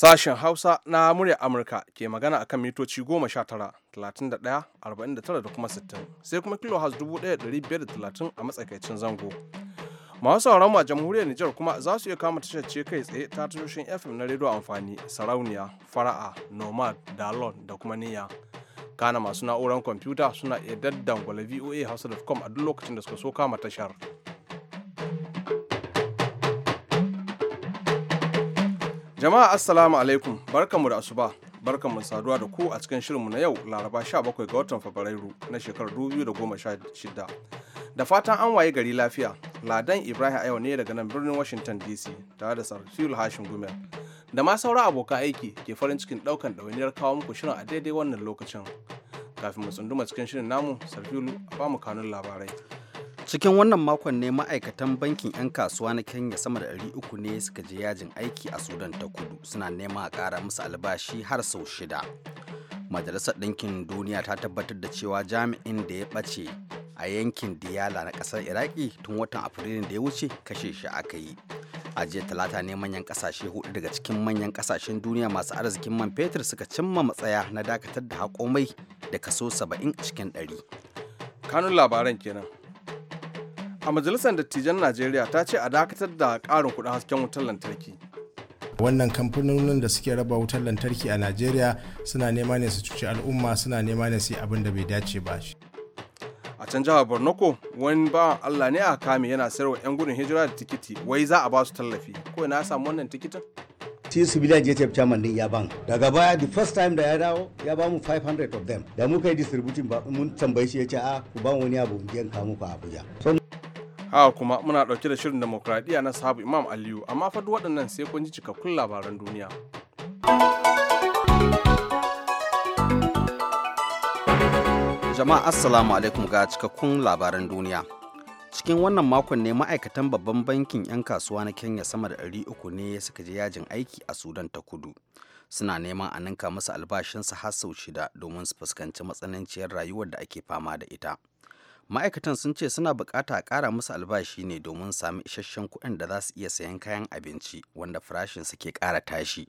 Sashen Hausa na muryar Amurka ke magana a kan mitoci 19, 31, 49 da kuma 60, sai kuma kilohaz 1530 a matsakaicin zango. Masu sauran ma jamhuriyar Nijar kuma za su iya kama tashar kai tsaye ta tashoshin FM na rediyo amfani, sarauniya, fara'a, nomad, dalon da kuma niyya. Kana masu na'urar kwamfuta suna iya daddan daddangwala voa hausa.com a duk lokacin da suka so kama tashar. Jama'a Assalamu alaikum barkanmu da asuba barkanmu saduwa da ku a cikin shirinmu na yau Laraba 17 ga watan Fabrairu na shekarar 2016. Da fatan an waye gari lafiya, Ladan Ibrahim Ayo ne daga nan birnin Washington DC tare da sarfiul Hashim Gumel. Da ma saura abokan aiki ke farin cikin daukan ɗawainiyar kawo muku shirin a daidai wannan lokacin. Kafin mu tsunduma cikin shirin namu, Sarfil ba mu kanun labarai. cikin wannan makon ne ma'aikatan bankin 'yan kasuwa na kenya sama da 300 ne suka je yajin aiki a sudan ta kudu suna nema a ƙara musu albashi har sau shida majalisar ɗinkin duniya ta tabbatar da cewa jami'in da ya ɓace a yankin diyala na ƙasar iraki tun watan afrilun da ya wuce kashe shi aka yi a jiya talata ne manyan ƙasashe hudu daga cikin manyan ƙasashen duniya masu arzikin man fetur suka cimma matsaya na dakatar da haƙomai da kaso 70 cikin 100 kanun labaran kenan a majalisar dattijan najeriya ta ce a dakatar da karin kuɗin hasken wutar lantarki wannan kamfanonin da suke raba wutar lantarki a najeriya suna nema ne su cuci al'umma suna nema ne su yi abin da bai dace ba shi a can jihar borno ko wani bawan allah ne a kame yana sayarwa 'yan gudun hijira da tikiti wai za a ba su tallafi ko na samu wannan tikitin sai su bila je tafta mandin ya ban daga baya the first time da ya dawo ya ba mu 500 of them da muka yi distributing mun tambaye shi ya ce a ah, ku ba wani abu je ka muku abuja Haka kuma muna ɗauke da shirin demokradiyya na sabu Imam Aliyu, amma fa waɗannan sai kun ji cikakkun labaran duniya. Jama'a Assalamu alaikum ga cikakkun labaran duniya. Cikin wannan makon ne ma'aikatan babban bankin 'yan kasuwa na Kenya sama da 300 ne ya suka je yajin aiki a Sudan ta kudu. Suna neman a ninka musu albashinsa har sau shida domin su fuskanci matsananciyar rayuwar da ake fama da ita. ma'aikatan sun ce suna bukata a ƙara musu albashi ne domin sami isasshen kuɗin da za su iya sayan kayan abinci wanda farashin suke ƙara tashi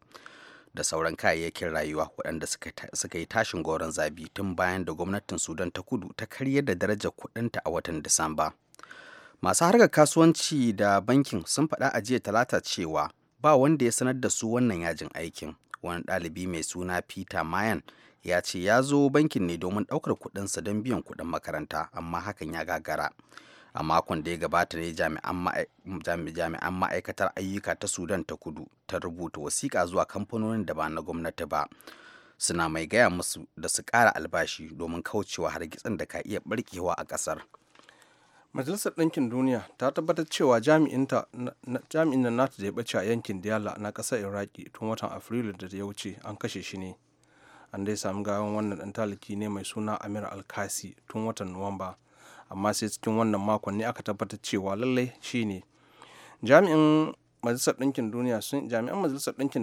da sauran kayayyakin rayuwa waɗanda suka yi tashin goron zabi tun bayan da gwamnatin sudan ta kudu ta karya da darajar kuɗinta a watan disamba masu harkar kasuwanci da bankin sun faɗa a jiya talata cewa ba wanda ya sanar da su wannan yajin aikin wani ɗalibi mai suna peter mayan ya ce ya zo bankin ne domin ɗaukar kuɗinsa don biyan kuɗin makaranta amma hakan ya gagara a makon da ya gabata ne jami'an ma'aikatar ayyuka ta sudan ta kudu ta rubuta wasiƙa zuwa kamfanonin da ba na gwamnati ba suna mai gaya musu da su ƙara albashi domin kaucewa hargitsin da ka iya barkewa a ƙasar majalisar ɗinkin duniya ta tabbatar cewa jami'in nan nata da ya ɓace a yankin diyala na ƙasar iraki tun watan afrilu da ya wuce an kashe shi ne an dai sami gawan wannan dan taliki ne mai suna amir alkasi tun watan nuwamba amma sai cikin wannan makon ne aka tabbatar cewa lallai shi ne jami'an majalisar ɗinkin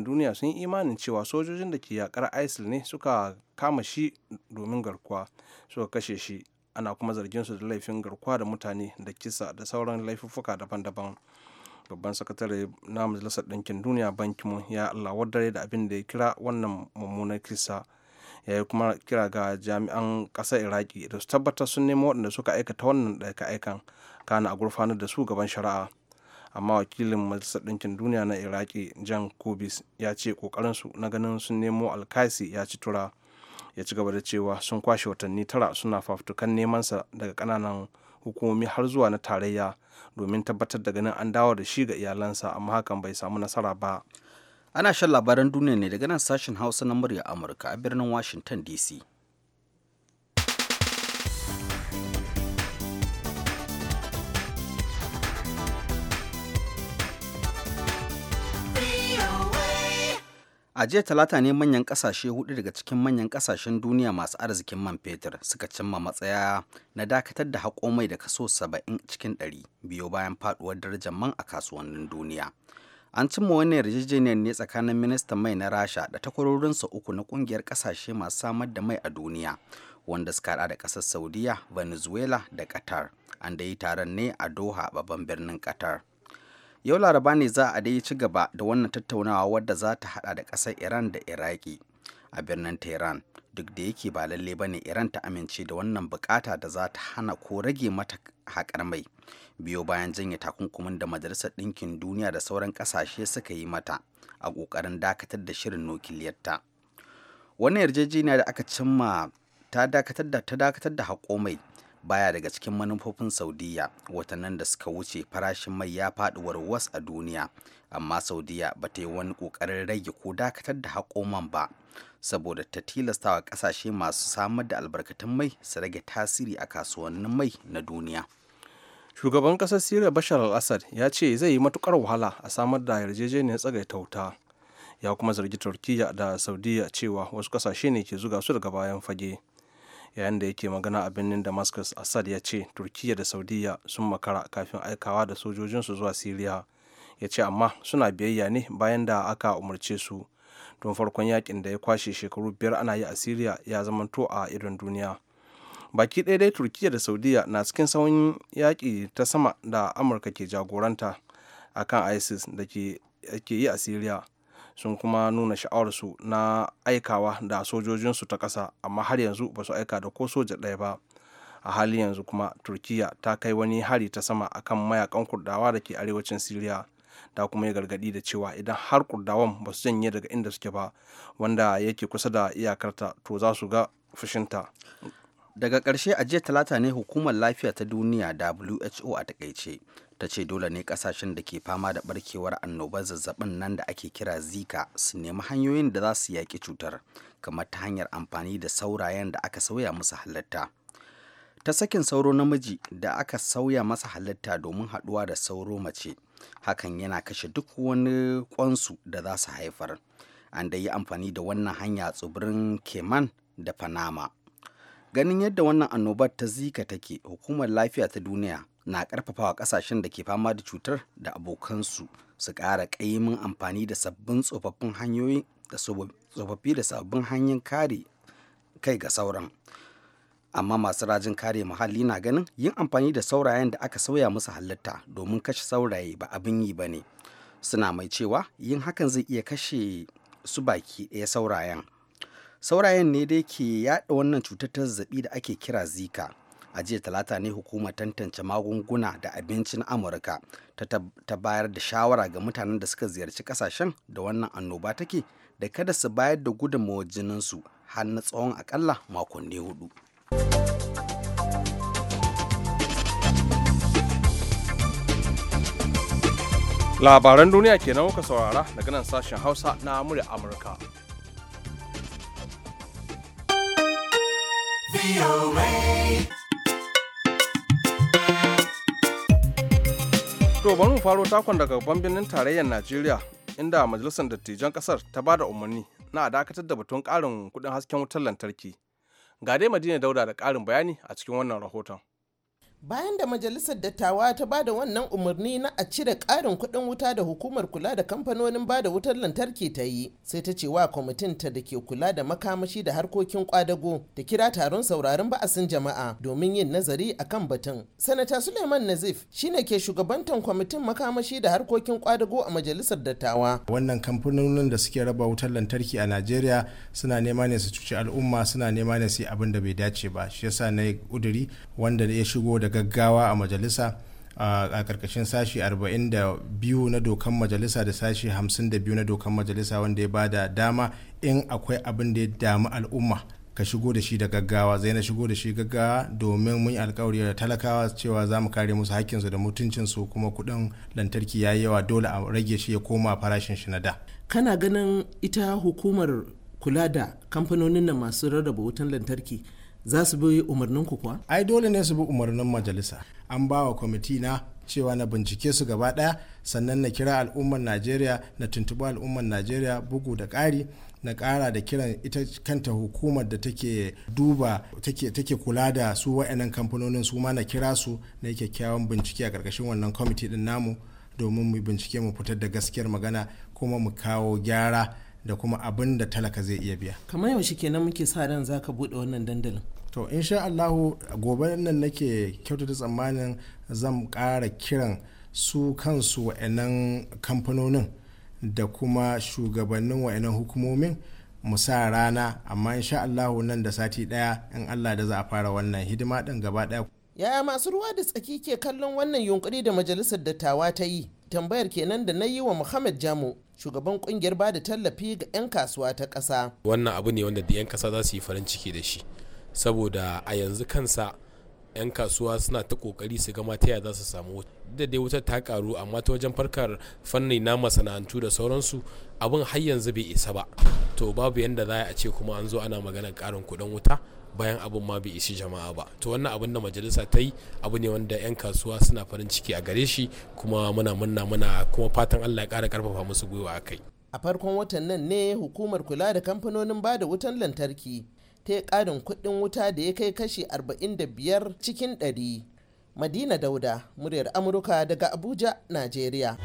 duniya sun yi imanin cewa sojojin da ke yakar isil ne suka kama shi domin garkuwa suka kashe shi ana kuma zargin su da laifin garkuwa da mutane da kisa da sauran laifuffuka daban-daban babban sakatare na majalisar ɗinkin duniya ban ya allah wadare da abin da ya kira wannan mummunar kisa ya eh, yi kuma kira ga jami'an ƙasar iraki da su tabbatar sun nemo waɗanda suka aikata wannan aika aikan kana a gurfanar da su gaban shari'a amma wakilin majalisar ɗinkin duniya na iraki jan kubis ya ce su na ganin sun nemo alkaisi ya ci tura ya ci gaba da cewa sun kwashe watanni tara suna fafutukan nemansa daga ƙananan hukumomi har zuwa na tarayya domin tabbatar da ganin an dawo da shi ga iyalansa amma hakan bai samu nasara ba Ana shan labaran duniya ne daga nan sashen Hausa na murya Amurka a birnin Washington DC. A jiya talata ne manyan kasashe hudu daga cikin manyan kasashen duniya masu arzikin man fetur suka cimma matsaya na dakatar da haƙo mai da kaso 70 cikin 100 biyo bayan faduwar darajar man a kasuwannin duniya. an cimma wannan yarjejeniyar ne tsakanin ministan mai na rasha da takwarorinsa uku na kungiyar kasashe masu samar da mai a duniya wanda suka hada da kasar saudiya venezuela da qatar an da yi taron ne a doha babban birnin qatar yau laraba ne za a dai ci gaba da wannan tattaunawa wadda za ta hada da kasar iran da iraki a birnin tehran duk da yake ba lalle ba ne iran ta amince da wannan bukata da za ta hana ko rage mata haƙar mai biyo bayan janye takunkumin da majalisar ɗinkin duniya da sauran ƙasashe suka yi mata a ƙoƙarin dakatar da shirin nukiliyarta wannan yarjejeniya da aka cimma ta dakatar da ta dakatar da haƙo baya daga cikin manufofin saudiya watannin da suka wuce farashin mai ya faɗi warwas a duniya amma saudiyya ba ta yi wani ƙoƙarin rage ko dakatar da haƙoman ba saboda ta tilastawa ƙasashe masu samar da albarkatun mai su rage tasiri a kasuwannin mai na duniya. shugaban ƙasar siriya bashar al-assad ya ce zai yi matukar wahala a samar da yarjejeniyar tsagaita wuta ya kuma zargi turkiya da saudiya cewa wasu ƙasashe ne ke zuga su daga bayan fage yayin da yake magana a birnin damascus assad ya ce turkiya da saudiya sun makara kafin aikawa da sojojinsu zuwa siriya ya ce amma suna biyayya ne bayan da aka umarce su don farkon yakin da ya kwashe shekaru biyar ana yi a siriya ya zama to a irin duniya baki ɗaya dai turkiya da saudiya na cikin sauyin yaƙi ta sama da amurka ke jagoranta a kan isis da ke yi a syria sun kuma nuna sha'awarsu na aikawa da sojojinsu ta ƙasa amma har yanzu ba su aika da ko soja ɗaya ba a halin yanzu kuma turkiya ta kai wani hari ta sama akan mayakan kurdawa da ke arewacin syria ta kuma ya gargadi da cewa idan har kurdawan ba su janye daga inda suke ba wanda yake kusa da iyakarta to za su ga fushinta daga ƙarshe a jiya talata ne hukumar lafiya ta duniya who a takaice ta ce dole ne kasashen da ke fama da barkewar annobar zazzabin nan da ake kira zika su nemi hanyoyin da za su yaƙi cutar kamar ta hanyar amfani da saurayen da aka sauya musu halitta ta sakin sauro namiji da aka sauya masa halitta domin haɗuwa da sauro mace hakan yana kashe duk wani kwansu da za su haifar an da yi amfani da wannan hanya tsibirin keman da panama ganin yadda wannan annobar ta zika take hukumar lafiya ta duniya na karfafawa kasashen da ke fama da cutar da abokansu su kara kaimin amfani da sabbin tsofaffin hanyoyi da tsofaffi da sabbin hanyar kare kai ga sauran amma masu rajin kare muhalli na ganin yin amfani da saurayen da aka sauya musu halitta domin kashe sauraye ba abin yi ba ne suna mai cewa yin hakan zai iya kashe su baki ɗaya saurayen saurayen ne dai ke yada wannan cutar ta zazzabi da ake kira zika a jiya talata ne hukumar tantance magunguna da abincin amurka ta bayar da shawara ga mutanen da suka ziyarci kasashen da wannan annoba take da kada su bayar da gudunmawa jininsu har na tsawon akalla makonni hudu labaran duniya kenan kuka saurara daga nan sashen hausa na amurka To bari mu faro takon daga babban birnin tarayyar Najeriya inda majalisar dattijan kasar ta ba da umarni na a dakatar da batun karin kudin hasken wutar lantarki. Ga dai Madina Dauda da karin bayani a cikin wannan rahoton. bayan da majalisar dattawa ta ba da wannan umarni na a cire ƙarin kuɗin wuta da hukumar kula da kamfanonin ba da wutar lantarki ta yi sai ta ce wa kwamitin ta da ke kula da makamashi da harkokin kwadago ta kira taron sauraron ba'asin jama'a domin yin nazari a kan batun sanata suleiman nazif shine ke shugabantan kwamitin makamashi da harkokin kwadago a majalisar dattawa wannan kamfanonin da suke raba wutar lantarki a najeriya suna nema ne su cuci al'umma suna nema ne su yi abin da bai dace ba shi yasa na yi ƙuduri wanda ya shigo da da gaggawa a majalisa a karkashin sashi 42 na dokan majalisa da sashi 52 na dokan majalisa wanda ya bada dama in akwai abin da ya damu al'umma ka shigo da shi da gaggawa zai na shigo da shi gaggawa domin mun yi alkawari da talakawa cewa za mu kare musu haƙƙinsu da mutuncinsu kuma kuɗin lantarki ya yawa dole a rage shi ya koma farashin shi na da kana ganin ita hukumar kula da kamfanonin nan masu rarraba wutan lantarki za su bi umarnin ku kuwa ai dole ne su bi umarnin majalisa an ba wa kwamiti na cewa na bincike su gaba daya sannan na kira al'ummar najeriya na tuntuɓi al'ummar najeriya bugu da ƙari na ƙara da kiran ita kanta hukumar da take duba take kula da su wa'annan kamfanonin su ma na kira su na kyakkyawan bincike a ƙarƙashin wannan kwamiti din namu domin mu bincike mu fitar da gaskiyar magana kuma mu kawo gyara da kuma abin da talaka zai iya biya kamar yaushe kenan muke sa ran zaka buɗe wannan dandalin to insha allahu gobe nan nake kyautata tsammanin zan kara kiran su kansu wa'annan kamfanonin da kuma shugabannin wa'annan hukumomin mu sa rana amma insha allahu nan da sati daya in allah da za a fara wannan hidima din gaba daya. yaya masu ruwa da tsaki ke kallon wannan yunkuri da majalisar dattawa ta yi tambayar kenan da na yi wa muhammad jamu shugaban kungiyar ba da tallafi ga 'yan kasuwa ta ƙasa wannan abu ne wanda da 'yan ƙasa za su yi farin ciki da shi saboda a yanzu kansa 'yan kasuwa suna ta kokari su gama ta za su samu da dai wutar ta karu amma ta wajen farkar fanni na masana'antu da sauransu abin har yanzu bai isa ba to babu yadda za a ce kuma an zo ana maganar karin kuɗin wuta bayan abin ma bai isi jama'a ba to wannan abin da majalisa ta yi abu ne wanda 'yan kasuwa suna farin ciki a gare shi kuma muna muna muna kuma fatan allah ya kara karfafa musu gwiwa a kai a farkon watan nan ne hukumar kula da kamfanonin bada wutan lantarki ta yi ƙarin kuɗin wuta da ya kai kashi 45 cikin 100. Madina Dauda, muryar Amurka daga Abuja, Najeriya.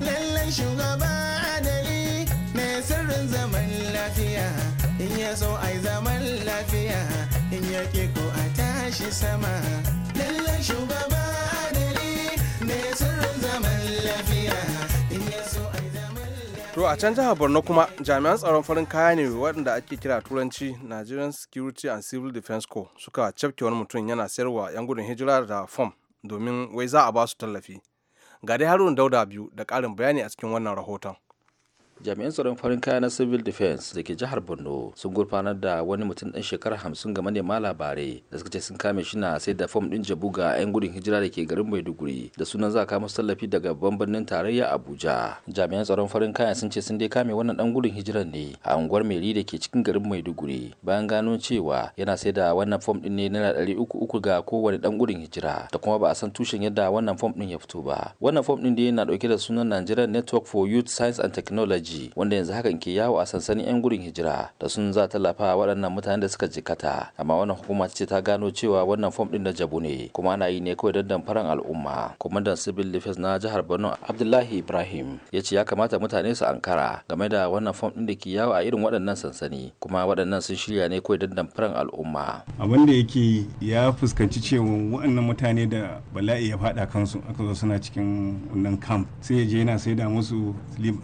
Lallai shugaba adali mai sirrin zaman lafiya, in ya so ai zaman lafiya, in ya ko a tashi sama. Lallai shugaba to a can jihar borno kuma jami'an tsaron farin kaya ne waɗanda ake kira turanci nigerian security and civil defense corps suka cafke wani mutum yana sayarwa yan gudun hijira da fom domin wai za a ba su tallafi ga dai haruna dauda biyu da ƙarin bayani a cikin wannan rahoton jami'an tsaron farin kaya na civil defense da ke jihar borno sun gurfanar da wani mutum dan shekara hamsin ga manema labarai da suka ce sun kame shi na sai da fom din jabu ga 'yan gudun hijira da ke garin maiduguri da sunan za kama tallafi daga babban birnin tarayya abuja jami'an tsaron farin kaya sun ce sun dai kame wannan dan gudun hijiran ne a unguwar meri da ke cikin garin maiduguri bayan gano cewa yana sai da wannan fom din ne naira ɗari uku uku ga kowane dan gudun hijira da kuma ba a san tushen yadda wannan fom din ya fito ba wannan fom din da yana dauke da sunan nigerian network for youth science and technology soji wanda yanzu hakan ke yawo a sansanin 'yan gurin hijira da sun za ta lafa waɗannan mutanen da suka jikata amma wannan hukuma ce ta gano cewa wannan fom ɗin na jabu ne kuma ana yi ne kawai dandan faran al'umma kwamandan civil defense na jihar borno abdullahi ibrahim ya ce ya kamata mutane su ankara game da wannan fom ɗin da ke yawo a irin waɗannan sansani kuma waɗannan sun shirya ne kawai dandan faran al'umma abin da yake ya fuskanci cewa waɗannan mutane da bala'i ya faɗa kansu aka zo suna cikin wannan camp sai ya je yana saida musu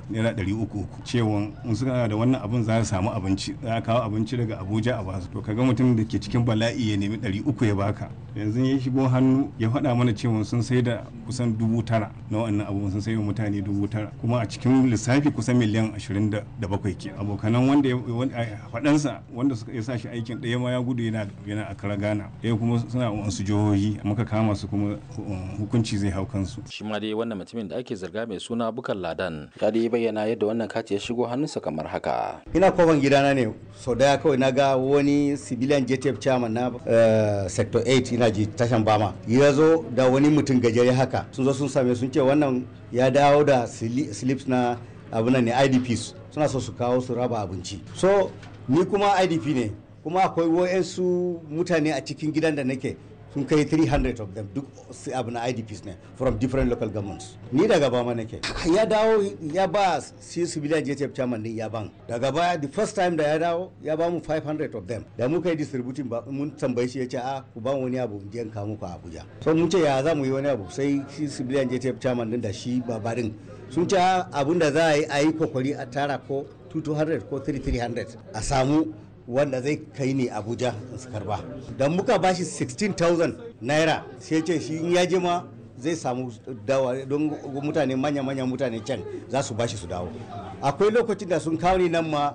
naira ɗari uku cewa in suka da wannan abin za a samu abinci za a kawo abinci daga abuja a basu to kaga mutum da ke cikin bala'i ya nemi ɗari uku ya baka yanzu ya shigo hannu ya faɗa mana cewa sun sai da kusan dubu tara na wannan abubuwan sun sai wa mutane dubu tara kuma a cikin lissafi kusan miliyan ashirin da bakwai ke abokanan wanda faɗansa wanda suka ya sa shi aikin ɗaya ma ya gudu yana yana a kara gana ɗaya kuma suna wasu jihohi muka kama su kuma um, hukunci zai hau kansu. shi ma dai wannan mutumin da ake zarga mai suna bukar ladan ya dai bayyana yadda wannan kati ya shigo hannunsa kamar haka ina koban gidana ne sau daya kawai na ga wani civilian jtf chairman na eh, sector 8 ina ji tashan bama ya zo da wani mutum gajere haka sun zo sun same sun ce wannan ya dawo da slips na abu ne idps suna so su kawo su raba abinci so ni kuma idp ne kuma akwai wayansu mutane a cikin gidan da nake sun kai 300 of them duk abu na idps ne from different local governments ni daga ba mana ke ya dawo ya ba si je jtf chairman din ya ban daga baya the first time da ya dawo ya ba mu 500 of them da muka yi distributing ba mun tambaye shi ya ce a ah, ku ba wani abu in je ka a abuja so mun ce ya za mu yi wani abu sai si je jtf chairman din da shi babarin sun ce ah, abunda za a yi a yi kokari a tara ko 200 ko 300 a samu wanda zai kai ni abuja su karba don muka bashi 16,000 naira sai ce shi ya je ma zai samu dawa don mutane manya-manya mutane can za su bashi su dawo akwai lokacin da sun kawo ni nan ma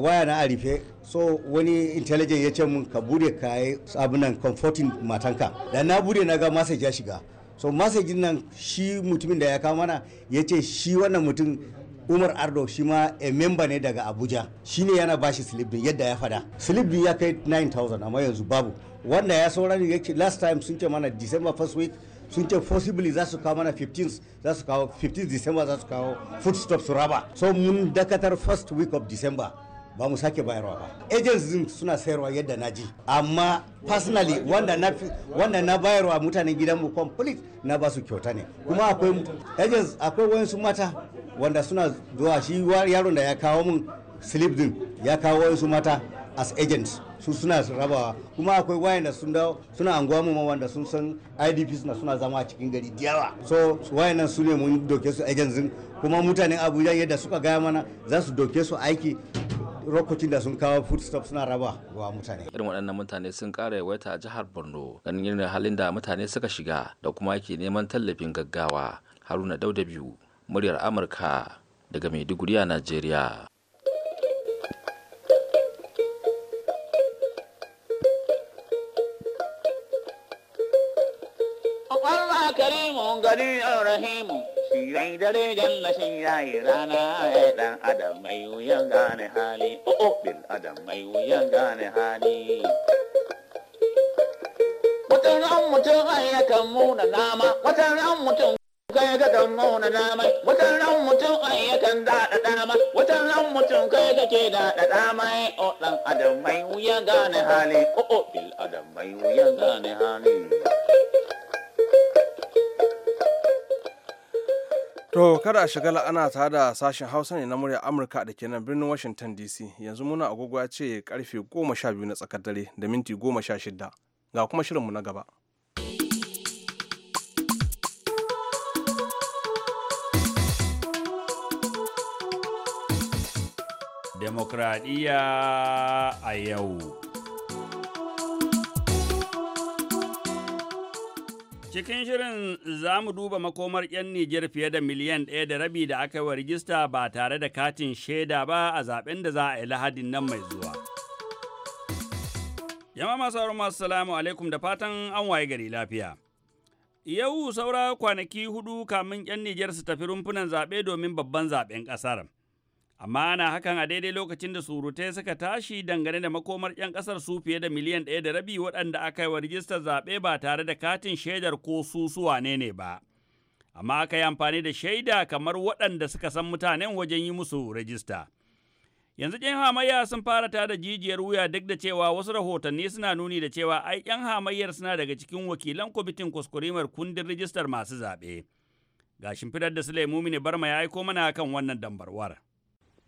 waya na a rufe so wani intelligent ya ce mun ka bude ka yi nan comforting matanka da na bude na ga masai ya shiga so masai nan shi mutumin da ya kawo mana ya ce shi wannan mutum umar ardo shi ma a memba ne daga abuja shine yana bashi slip din yadda ya fada slip din ya kai 9000 amma yanzu babu wanda ya saura ne yake last time sun ce mana december first week sun ce possibly za su kawo mana 15 za su kawo 15 december za su kawo stop su raba so mun dakatar first week of december ba mu sake bayarwa ba agents din suna sayarwa yadda na ji amma personally wanda na wanda na bayarwa mutanen gidanmu complete na ba su kyauta ne kuma akwai agents akwai wayansu mata wanda suna zuwa shi yaron da ya kawo mun slip din ya kawo su mata as agent su suna rabawa kuma akwai wayanda sun dawo suna anguwa mu wanda sun san idp suna suna zama a cikin gari diyawa so wayannan su ne mun doke su agents din kuma mutanen abuja yadda suka gaya mana za su doke su aiki rokokin da sun kawo food suna raba wa mutane. Irin waɗannan mutane sun ƙara yawaita a jihar Borno ganin irin halin da mutane suka shiga da kuma ke neman tallafin gaggawa. Haruna Dauda biyu muryar amurka daga maiduguri a najeriya wata ran oh, oh, mutum muna nama wata ran mutum kai ga kan mauna dama watan ran mutum ai yakan daɗa dama watan ran mutum kai ga ke daɗa dama o dan adam mai wuya gane hali o o bil adam mai wuya gane hali To kada a shagala ana tare da sashen Hausa ne na murya Amurka da ke nan birnin Washington DC yanzu muna agogo ya ce karfe biyu na tsakar dare da minti goma sha shida ga kuma shirinmu na gaba. demokradiyya a yau. Cikin shirin za mu duba makomar 'yan Nijar fiye da miliyan ɗaya da rabi da aka yi wa rijista ba tare da katin shaida ba a zaɓen da za a yi lahadin nan mai zuwa. Yama masu haru masu salamu alaikum da fatan an waye gari lafiya. Yau saura kwanaki hudu kamin 'yan Nijar su tafi rumfunan zaɓe domin babban zaɓen ƙasar. amma ana hakan a daidai lokacin da surutai suka tashi dangane da makomar 'yan kasar su fiye da miliyan ɗaya da rabi waɗanda aka yi wa rijistar zaɓe ba tare da katin shaidar ko susuwa ne ne ba amma aka yi amfani da shaida kamar waɗanda suka san mutanen wajen yi musu rajista yanzu 'yan hamayya sun fara da jijiyar wuya duk da cewa wasu rahotanni suna nuni da cewa ai 'yan hamayyar suna daga cikin wakilan kwamitin kuskurimar kundin rijistar masu zaɓe ga shimfidar da Sulaimu Mini Barma ya aiko mana kan wannan dambarwar.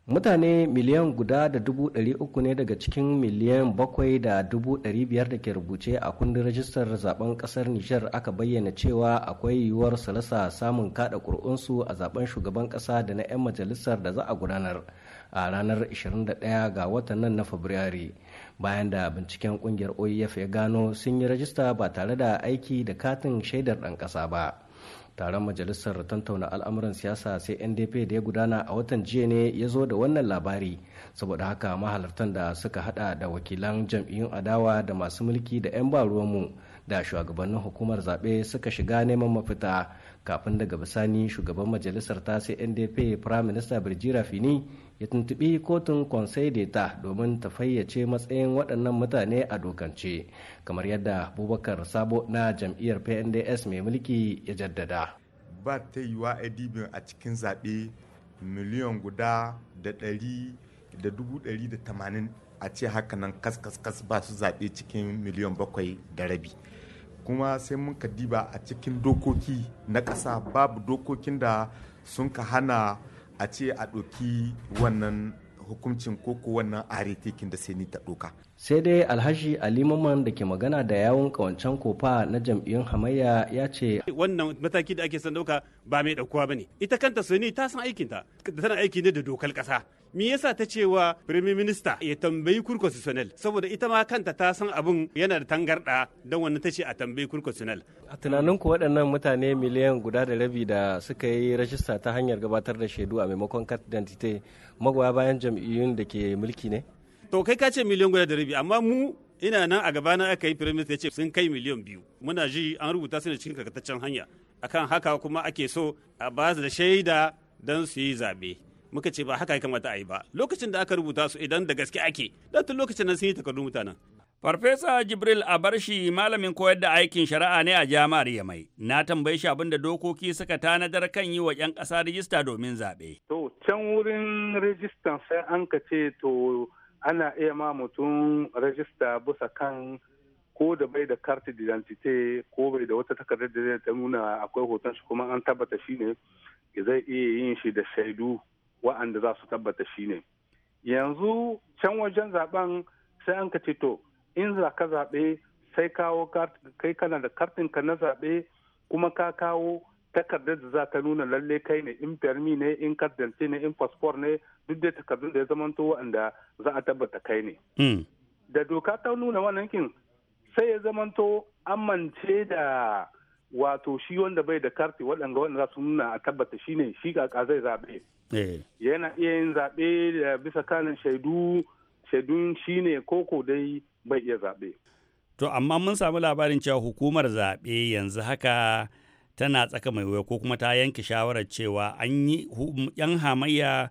mutane miliyan guda da dubu ɗari uku ne daga cikin miliyan bakwai da dubu ɗari biyar da ke rubuce a kundin rajistar zaben ƙasar nijar aka bayyana cewa akwai yiwuwar salasa samun kada ƙuri'unsu a zaben shugaban ƙasa da na 'yan majalisar da za a gudanar a ranar 21 ga watan nan na fabrairu bayan da binciken ƙungiyar oef ya gano sun yi rajista ba tare da aiki da katin shaidar ɗan ƙasa ba. taron majalisar tantauna al'amuran siyasa sai ndp da ya gudana a watan jiya ne ya zo da wannan labari saboda haka mahalartan da suka hada da wakilan jam'iyyun adawa da masu mulki da 'yan ba ruwanmu da shugabannin hukumar zaɓe suka shiga neman mafita kafin daga bisani shugaban majalisar ta sai ndp prime minister birjira fini ya tuntubi kotun conseil d'etat domin ta fayyace matsayin waɗannan mutane a dokance kamar yadda abubakar sabo na jam'iyyar pnds mai mulki ya jaddada ba ta yi wa a cikin zaɓe miliyan guda da ɗari da dubu ɗari da tamanin a ce hakanan nan kaskaskas ba su zaɓe cikin miliyan bakwai da rabi kuma sai mun ka diba a cikin dokoki na ƙasa babu dokokin da sun ka hana a ce a ɗoki wannan hukuncin koko wannan aretekin da sai ni ta ɗoka. sai dai alhashi alimaman da ke magana da yawon kawancen kofa na jam'iyyun hamayya ya ce wannan mataki da ake son ɗauka ba mai ɗaukuwa ba ne ita kanta sani ta san aikinta tana aiki ne da dokar ƙasa me yasa ta wa prime minister ya tambayi kur saboda ita ma kanta ta san abin yana da tangarda don wani ta ce a tambayi kur a tunanin ku waɗannan mutane miliyan guda da rabi da suka yi rajista ta hanyar gabatar da shaidu a maimakon carte dantite magoya bayan jam'iyyun da ke mulki ne to kai ka ce miliyan guda da rabi amma mu ina nan a gabana aka yi firaminista ya ce sun kai miliyan biyu muna ji an rubuta su ne cikin karkataccen hanya akan haka kuma ake so a ba da shaida don su yi zaɓe muka ce ba haka ya kamata a yi ba lokacin da aka rubuta su idan da gaske ake don tun lokacin nan sun yi takardun mutanen. Farfesa Jibril Abarshi malamin koyar da aikin shari'a ne a jami'ar mai Na tambaye shi abinda dokoki suka tanadar kan yi wa 'yan kasa rijista domin zaɓe. To, can wurin rijistan sai an ka ce to ana iya ma mutum rajista bisa kan ko da bai da karti didantite ko bai da wata takardar da zai nuna akwai hoton shi kuma an tabbata shi ne zai iya yin shi da shaidu wa'anda za su tabbata shi ne yanzu can wajen zaben sai an ka ce to in za ka zaɓe sai kawo kai kana da ka na zaɓe kuma ka kawo takardar da za ka nuna lalle kai ne in permi ne in kardanci ne in fasfor ne duk da takardun da ya zamanto wa'anda za a tabbata kai ne. Hmm. Da doka ta nuna wannan kin sai ya zamanto amince da wato shi wanda bai da karti waɗanda wanda za su nuna a tabbata shi ne shi kaka zai zaɓe. Eh. yana iya yin zaɓe da eh, bisa kanin shaidu shaidun shine koko dai bai iya zaɓe to amma mun sami labarin cewa hukumar zaɓe yanzu haka tana tsaka mai wuya ko kuma ta yanke shawarar cewa an yi yan hamayya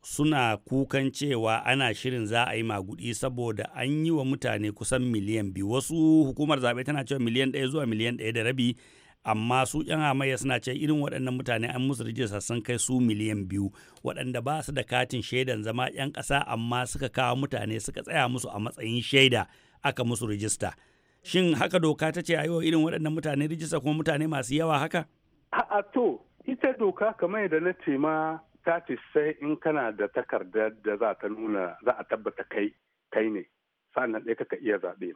suna kukan cewa ana shirin za a yi magudi saboda an yi wa mutane kusan miliyan biyu wasu hukumar zaɓe tana cewa miliyan ɗaya zuwa miliyan ɗaya da rabi amma su yan hamayya suna ce irin waɗannan mutane an musu rijista sun kai su miliyan biyu waɗanda ba su da katin shaidan zama yan ƙasa amma suka kawo mutane suka tsaya musu a matsayin shaida aka musu rijista shin haka doka ta ce a yi wa irin waɗannan mutane rijista kuma mutane masu yawa haka a to ita doka kamar yadda na ce ma ta ce sai in kana da takardar da za ta nuna za a tabbata kai kai ne sannan ɗaya ka iya zaɓe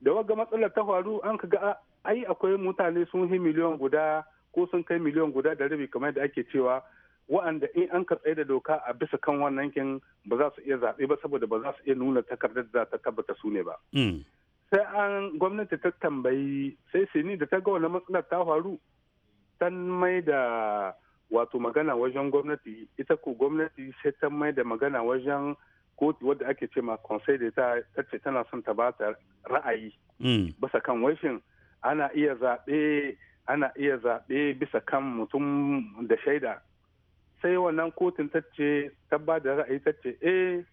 da waga matsalar ta faru an ka ga ai akwai mutane sun yi miliyan guda ko sun kai miliyan guda da rabi kamar da ake cewa wa'anda in an ka da doka a bisa kan wannan kin ba za su iya zaɓe ba saboda ba za su iya nuna takardar da ta tabbata su ne ba. Mm. Sai an gwamnati ta tambayi sai sini da ta ga wani matsalar ta faru ta mai da wato magana wajen gwamnati ita ko gwamnati sai ta mai da magana wajen kotu wadda ake ce ma conseil d'etat ta ce tana son ta ba ta ra'ayi mm. bisa kan washin ana iya zaɓe ana iya zaɓe bisa kan mutum da shaida sai wannan kotun ta ce ta ba da ra'ayi ta ce eh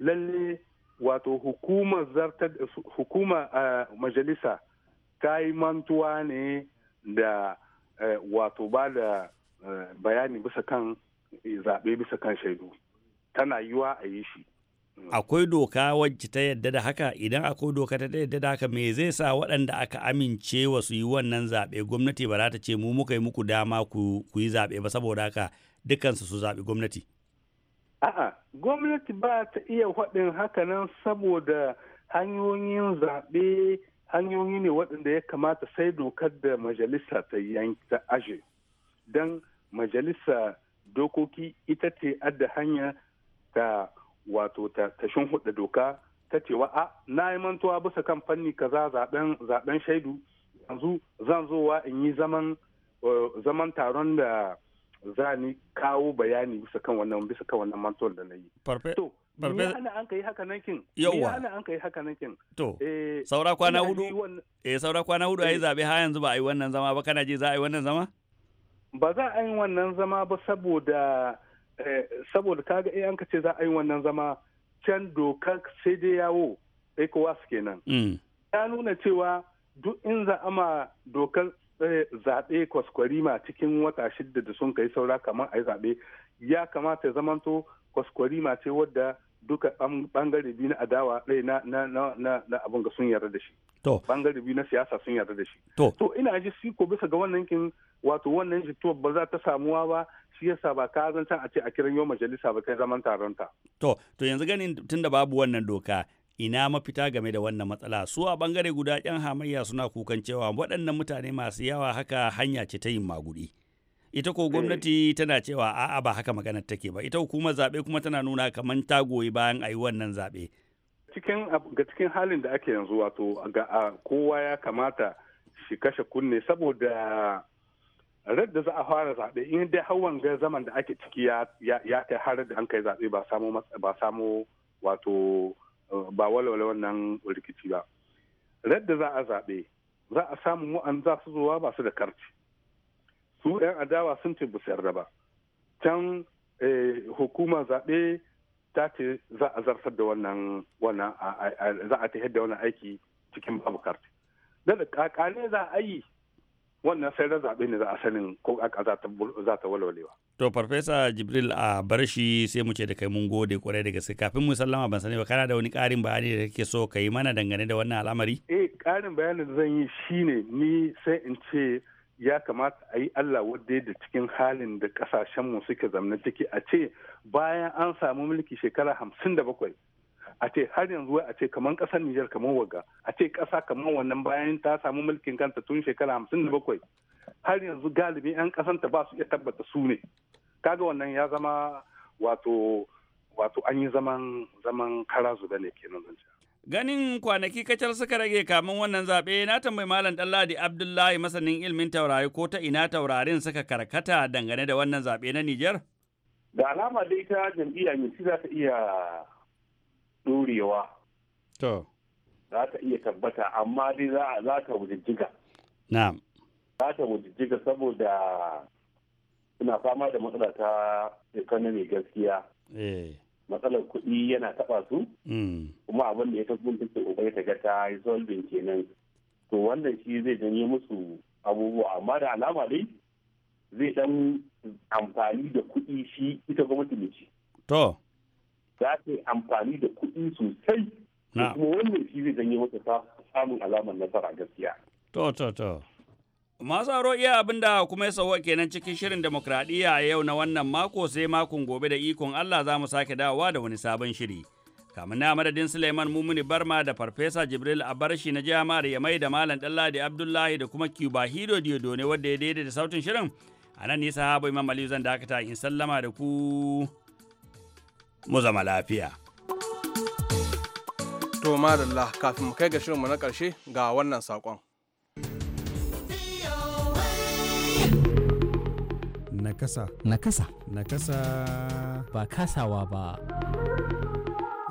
lalle wato hukumar zartar hukuma majalisa ta yi mantuwa ne da eh, wato ba da eh, bayani bisa kan zaɓe bisa kan shaidu tana yiwa a yi shi mm. akwai doka wacce ta yadda da haka idan akwai doka ta yadda da haka me zai sa waɗanda aka amince wa su yi wannan zaɓe gwamnati ba za ta ce mu muka yi muku dama ku yi zaɓe ba saboda haka dukansu su zaɓi gwamnati a'a gwamnati ba ta iya faɗin hakanan saboda hanyoyin zaɓe hanyoyi ne waɗanda ya kamata sai dokar da majalisa ta ta aje don majalisa dokoki ita ce adda hanya ta wato ta hudu doka ta cewa a na yi mantuwa bisa kan fanni kaza zaben zaben shaidu yanzu zan zowa in yi zaman zaman taron da za ni kawo bayani bisa kan wannan bisa kan wannan mantuwar da na yi. To, me hana an kai haka nan kin? Yawwa. ana an kai haka nan kin? To, eh, saura kwana hudu. Eh, saura kwana hudu ayi eh. zabe ha yanzu ba a yi wannan zama ba kana je za a yi wannan zama? Ba za a yi wannan zama ba saboda Eh, saboda kaga ga an ka ce za a yi wannan zama can dokar sai dai yawo ECOWAS kenan. Mm. Ya nuna cewa duk in za ma dokar eh, zaɓe kwaskwarima cikin wata shidda da sun kai saura kamar a yi zaɓe ya kamata ya zamanto kwaskwarima ce wadda duka bangare biyu na adawa ɗaya eh, na na na na, na abin ga sun yarda da shi to bangare biyu na siyasa sun yarda da shi to ina ji shi ko bisa ga wannan kin wato wannan jito ba za ta samuwa ba shi yasa ba ka zancan a ce a kiran yau majalisa ba kai zaman taron ta to to yanzu ganin tunda babu wannan doka ina mafita game da wannan matsala su a bangare guda yan hamayya suna kukan cewa waɗannan mutane masu yawa haka hanya ce ta yin magudi ita ko eh. gwamnati tana cewa a'a ba haka maganar take ba ita hukumar zaɓe kuma tana nuna kamar ta goyi bayan a yi wannan zaɓe. cikin ga cikin halin da ake yanzu wato ga kowa ya kamata shi kashe kunne saboda rad da za a fara zaɓe in dai hawan ga zaman da ake ciki ya kai har da an kai zaɓe ba samo wato eh, ba walwala wannan rikici ba rad da za a zaɓe za a samu wa'an za su zuwa ba su da karci su 'yan adawa sun ce ba su ba can eh, hukuma zaɓe ta ce za a zartar da wannan wannan za a tafiyar da wannan aiki cikin babu karti da kakane za a yi wannan sai da zaɓe ne za a sanin ko aka za ta walwalewa. To Farfesa Jibril a bar shi sai mu ce da kai mun gode kwarai da gaske kafin mu sallama ban sani ba kana da wani ƙarin bayani da kake so ka yi mana dangane da wannan al'amari? Eh ƙarin bayani da zan yi shine ni sai in ce ya kamata a yi Allah wadda da cikin halin da kasashenmu suke zamna ciki a ce bayan an samu mulki shekara hamsin da bakwai a ce har yanzu a ce kamar kasar Nijar kamar waga a ce kasa kamar wannan bayan ta samu mulkin kanta tun shekara hamsin da bakwai har yanzu galibi 'yan kasanta ba su iya tabbata su ne kaga wannan ya zama wato wato an yi zaman zaman kara zuba ne kenan zance Ganin kwanaki kacal suka rage kamin wannan zaɓe na tambayi Malam Ɗanladi Abdullahi masanin ilmin taurari ko ta ina taurarin suka karkata dangane da wannan zaɓe na Nijar? Da alama dai ta jam'iyya yanzu za ta iya ɗorewa. To. Za ta iya tabbata amma dai za ta wujijjiga. Na'am. Za ta wujijjiga saboda suna fama da matsala ta gaskiya. Eh. matsalar kuɗi yana taɓa su mm. kuma abin da ya tafi take ubai ta ga ta kenan to wannan shi zai janye musu abubuwa amma da alama dai zai dan amfani da kuɗi shi ita gwamnati ne To. Za ta yi amfani da kuɗi sosai. Kuma wannan shi zai janye masa samun alamar nasara gaskiya. To to to. Masu aro iya abin da kuma ya sauwa kenan cikin shirin demokradiyya yau na wannan mako sai makon gobe da ikon Allah za mu sake dawowa da wani sabon shiri. Kamin na madadin Suleiman Mumuni Barma da Farfesa Jibril Abarshi na jami'ar Yamai da Malam Ɗanladi Abdullahi da kuma Cuba Hido ne wadda ya daidaita sautin shirin. A nan nisa habu Imam Aliyu zan dakata in sallama da ku mu zama lafiya. To madalla kafin mu kai ga shirinmu na ƙarshe ga wannan saƙon. Nakasa. Nakasa. Nakasa. Ba kasawa ba.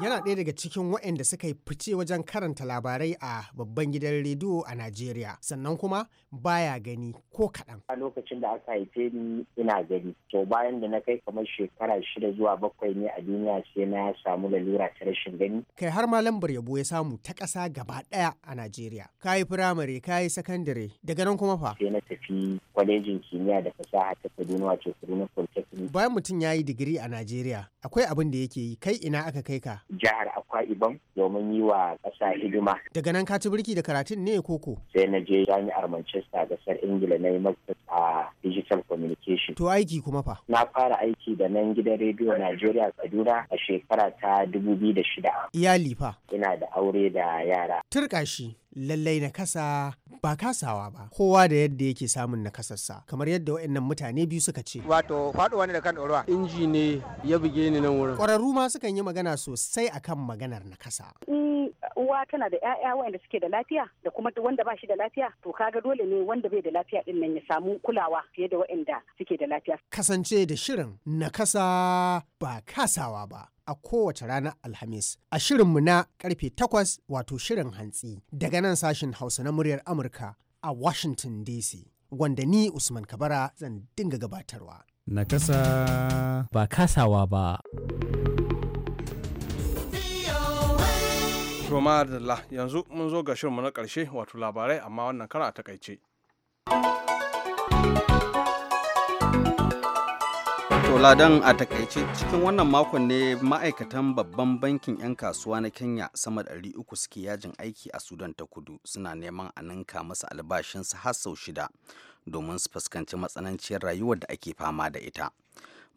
yana ɗaya daga cikin waɗanda suka yi fice wajen karanta labarai a babban gidan rediyo a Najeriya sannan kuma baya gani ko kaɗan. A lokacin da aka haife ni ina gani to bayan da na kai kamar shekara shida zuwa bakwai ne a duniya sai na samu lalura ta rashin gani. Kai har ma lambar yabo ya samu ta ƙasa gaba ɗaya a Najeriya. Ka yi firamare ka yi sakandare daga nan kuma fa. Sai na tafi kwalejin kimiyya da fasaha ta Kaduna wato Kaduna Polytechnic. Bayan mutum ya yi digiri a Najeriya akwai abin da yake yi kai ina aka kai ka jihar akwa ibom domin yi wa ƙasa hidima daga nan ka ci birki da karatun ne koko sai na je jami'ar manchester gasar ingila na yi a digital communication to aiki kuma fa na fara aiki da nan gidan rediyo najeriya kaduna a shekara ta dubu biyu da shida. iyali fa ina da aure da yara turka shi lallai nakasa ba kasawa ba kowa da yadda yake samun nakasarsa kamar yadda waɗannan mutane biyu suka ce wato faɗuwa ne da kan ɗorawa inji ne ya buge ni nan wurin ƙwararru ma sukan yi magana sosai akan maganar nakasa mm, uwa tana da 'ya'ya wanda suke da lafiya da kuma wanda ba shi da lafiya to kaga dole ne wanda bai da lafiya din nan ya samu kulawa fiye da waɗanda suke da lafiya. Kasance da shirin na kasa ba kasawa ba. A kowace rana Alhamis, a shirin mu na karfe takwas wato shirin hantsi daga nan sashin Hausa na muryar Amurka a Washington DC, wanda ni Usman Kabara zan dinga gabatarwa. Na kasa ba kasawa ba. To da yanzu mun zo ga shirinmu na ƙarshe wato labarai amma wannan kara a takaice. toladan a takaice cikin wannan makon ne ma'aikatan babban bankin 'yan kasuwa na kenya sama da 300 suke yajin aiki a sudan ta kudu suna neman a ninka masa albashinsu har sau shida domin su fuskanci matsananciyar rayuwar da ake fama da ita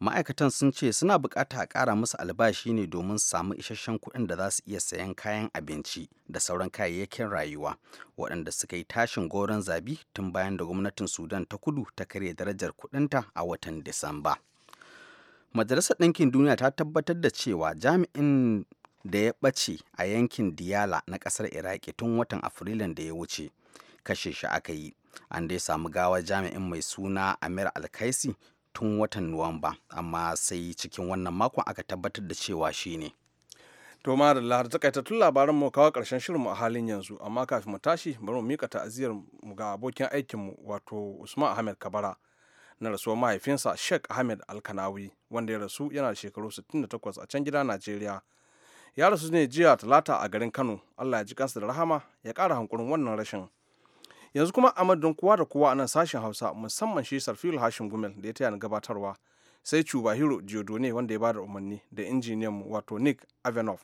ma'aikatan sun ce suna bukata a ƙara musu albashi ne domin su samu isasshen kuɗin da za su iya sayan kayan abinci da sauran kayayyakin rayuwa waɗanda suka yi tashin goron zabi tun bayan da gwamnatin sudan ta kudu ta karya darajar kuɗinta a watan disamba majalisar ɗinkin duniya ta tabbatar da cewa jami'in da ya ɓace a yankin diyala na ƙasar iraki tun watan afrilun da ya wuce kashe shi aka yi an dai samu gawa jami'in mai suna amir alkaisi tun watan nuwamba amma sai cikin wannan makon aka tabbatar da cewa shi ne to ma da lahar takaitattun labaran mu kawo karshen shirinmu a halin yanzu amma kafin mu tashi bari mu mika ta'aziyar mu ga abokin aikinmu wato usman ahmed kabara na rasuwar mahaifinsa sheikh ahmed alkanawi wanda ya rasu yana da shekaru 68 a can gida najeriya ya rasu ne jiya talata a garin kano allah ya ji kansa da rahama ya kara hankurin wannan rashin yanzu kuma a madadin kowa da kowa a nan sashen hausa musamman shi sarfil hashim gumel da ya taya ni gabatarwa sai cubahiro ne wanda ya bada umarni da injiniyan mu wato nick avenov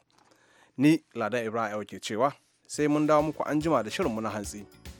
ni ladan ibrahim ke cewa sai mun dawo muku an jima da mu na hantsi.